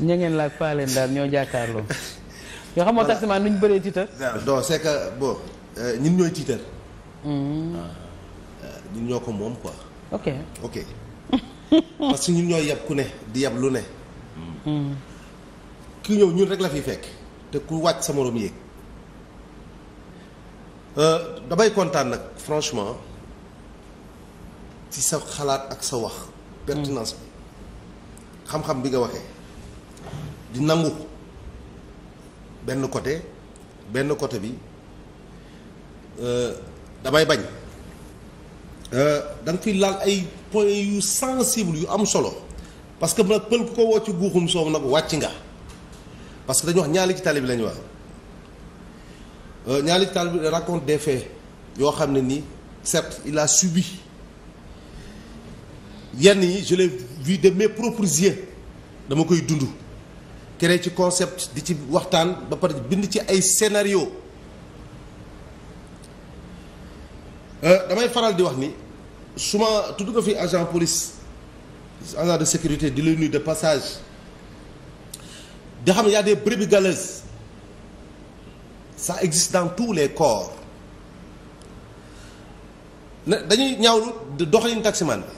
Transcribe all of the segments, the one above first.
ña ngeen laak paaleen daal ñoo jàkkaarloo ñoo xam moo taximaan nu ñu bëree tiitar non c'est que bon euh, ñun ñooy tiitar hmm. ah, euh, ñun ñoo ko moom quoi ok ok parce ñun ñooy yab ku ne di yab lu ne hmm. ki ñëw ñun rek la fi fekk te ku wàcc sa morom yéeg euh, damay kontaan nag franchement ci sa xalaat ak sa wax hmm. pertinence bi xam-xam bi nga waxee di nangu benn côté benn côté bi euh, damay bañ euh, da nga fiy laal ay point yu sensible yu am solo parce que nag pël ku ko woo ci guuxum soow nag wàcc nga parce que dañu wax ñaari ci tali bi la ñu wax euh, ñaari ci tali bi raconte des faits yoo xam ne ni certes il a subi yenn yi je l'ai vu de mes propres dama koy dund créé ci concept di ci waxtaan ba pare bind ci ay scénario euh, damay faral di wax ni su ma tudd ko fi agent police agent de sécurité di lay nuyu de passage di xam ne y a des brebis existe dans tous les corps ne dañuy ñaawlu doxalin taximan bi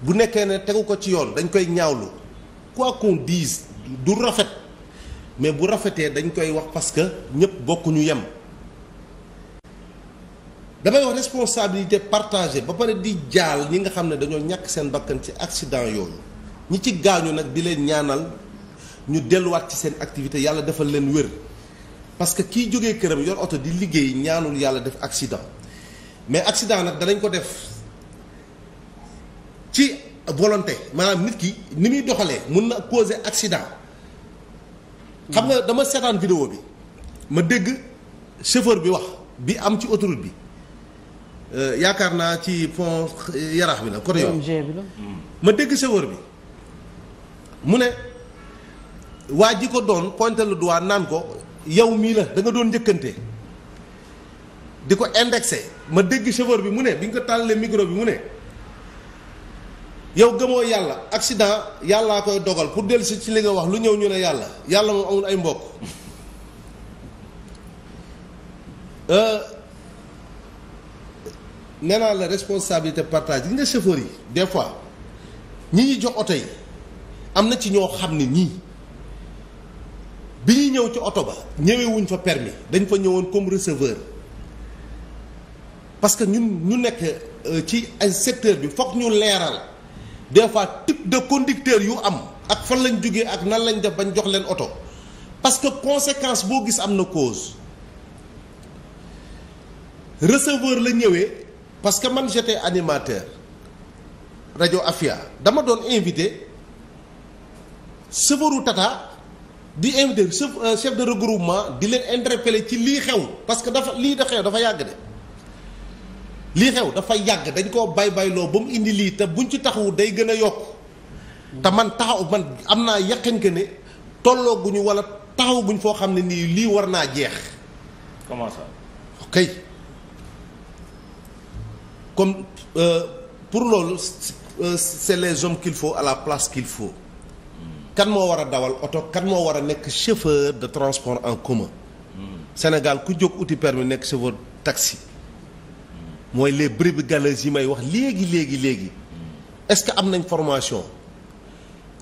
bu nekkee ne tegu ko ci yoon dañ koy ñaawlu quoi qu'on du rafet mais bu rafetee dañ koy wax parce que ñëpp bokkuñu yem damay wax responsabilité partagée ba pare di jaal ñi nga xam ne dañoo ñàkk seen bakkan ci accident yooyu ñi ci gaañu nag di leen ñaanal ñu delluwaat ci seen activité yàlla defal leen wér parce que kiy jóge këram yor oto di liggéey ñaanul yàlla def accident mais accident nag danañ ko def ci volonté maanaam nit ki ni muy doxalee mun na causer accident. xam nga dama seetaan vidéo bi ma dégg chauffeur bi wax bi am ci autoroute bi euh, yaakaar naa ci pont yaraax bi la côté yoon hmm. ma dégg chauffeur bi mu ne waa ji ko doon pointé le naan ko yow mii la da nga doon njëkkante di ko indexé ma dégg chauffeur bi mu ne bi nga tàllalee micro bi mu ne. yow gëmoo yàlla accident yàllaa koy dogal pour dellu si ci li nga wax lu ñëw ñu ne yàlla yàlla moom amul ay mbokk euh, nee naa la responsabilité partage gi nga chauffeur yi des fois ñi ñuy jox oto yi am na ci ñoo xam ne ñii bi ñuy ñëw ci oto ba ñëwewuñ wuñ fa permis dañ fa ñëwoon comme receveur parce que ñun ñu nekk euh, ci ay secteur bi foog ñu leeral des fois type de conducteur yu am ak fan lañ jógee ak nan lañ def bañ jox leen oto parce que conséquence boo gis am na cause receveur la ñëwee parce que man j'étais animateur rajo Afia dama doon invité chauffeuru Tata di invité euh, chef de regroupement di leen interpeller ci lii xew parce que dafa lii da xew dafa yàgg de lii xew dafa yàgg dañ koo bay bayloo ba mu indi lii te buñ ci taxawu day gën a yokk te man taxaw man am naa yaqin que ne tollooguñu wala taxaw guñ foo xam ne nii lii war naa jeex. comment ça. ok comme euh, pour loolu euh, c'est les hommes qu'il à la place qu'il faut. kan moo war a dawal oto kan moo war a nekk chauffeur de transport en commun. Hmm. Sénégal ku jóg uti permis nekk chauffeur taxi. mooy les brebis galeuses yi may wax léegi léegi léegi est-ce que am nañ formation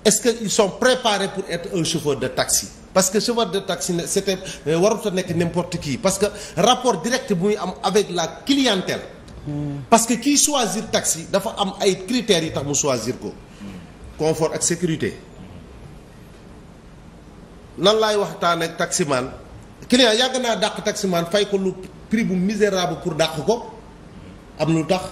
est-ce que ils sont préparés pour être un chauffeur de taxi parce que chauffeur de taxi ne c'était warut a nekk n'importe qui parce que rapport direct bu muy am avec la clientèle hmm. parce que kiy choisir taxi dafa am ay critères yi tax mu choisir ko hmm. confort ak sécurité nan laay waxtaan ak taximan client yàgg naa dàq taximan fay ko lu prix bu misérable pour dàq ko am lu tax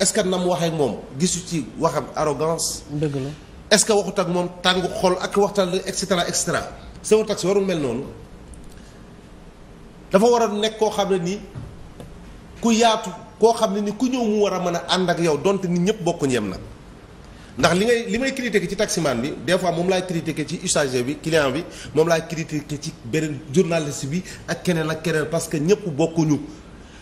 est-ce que nam waxee moom gisu ci waxam arrogance. dëgg la est-ce que waxut ak moom tàng xol ak waxtaan et cetera et cetera. chauffeur taxi warul mel noonu dafa war a nekk koo xam ne nii ku yaatu koo xam ne ni ku ñëw mu war a mën a ànd ak yow donte nit ñëpp bokkuñ yem nag ndax li ngay li may critiquer ci taximan bi des fois moom laay critiquer ci usager bi client bi moom laay critiquer ci beneen journaliste bi ak keneen ak keneen parce que ñëpp bokkuñu.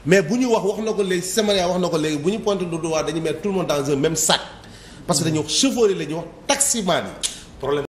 mais bu ñu wax wax na ko léegi Semaria wax na ko léegi bu ñu pointé du doigt dañu mettre tout le monde dans sac parce que dañuy wax chauffeur yi la ñuy wax taximan yi problème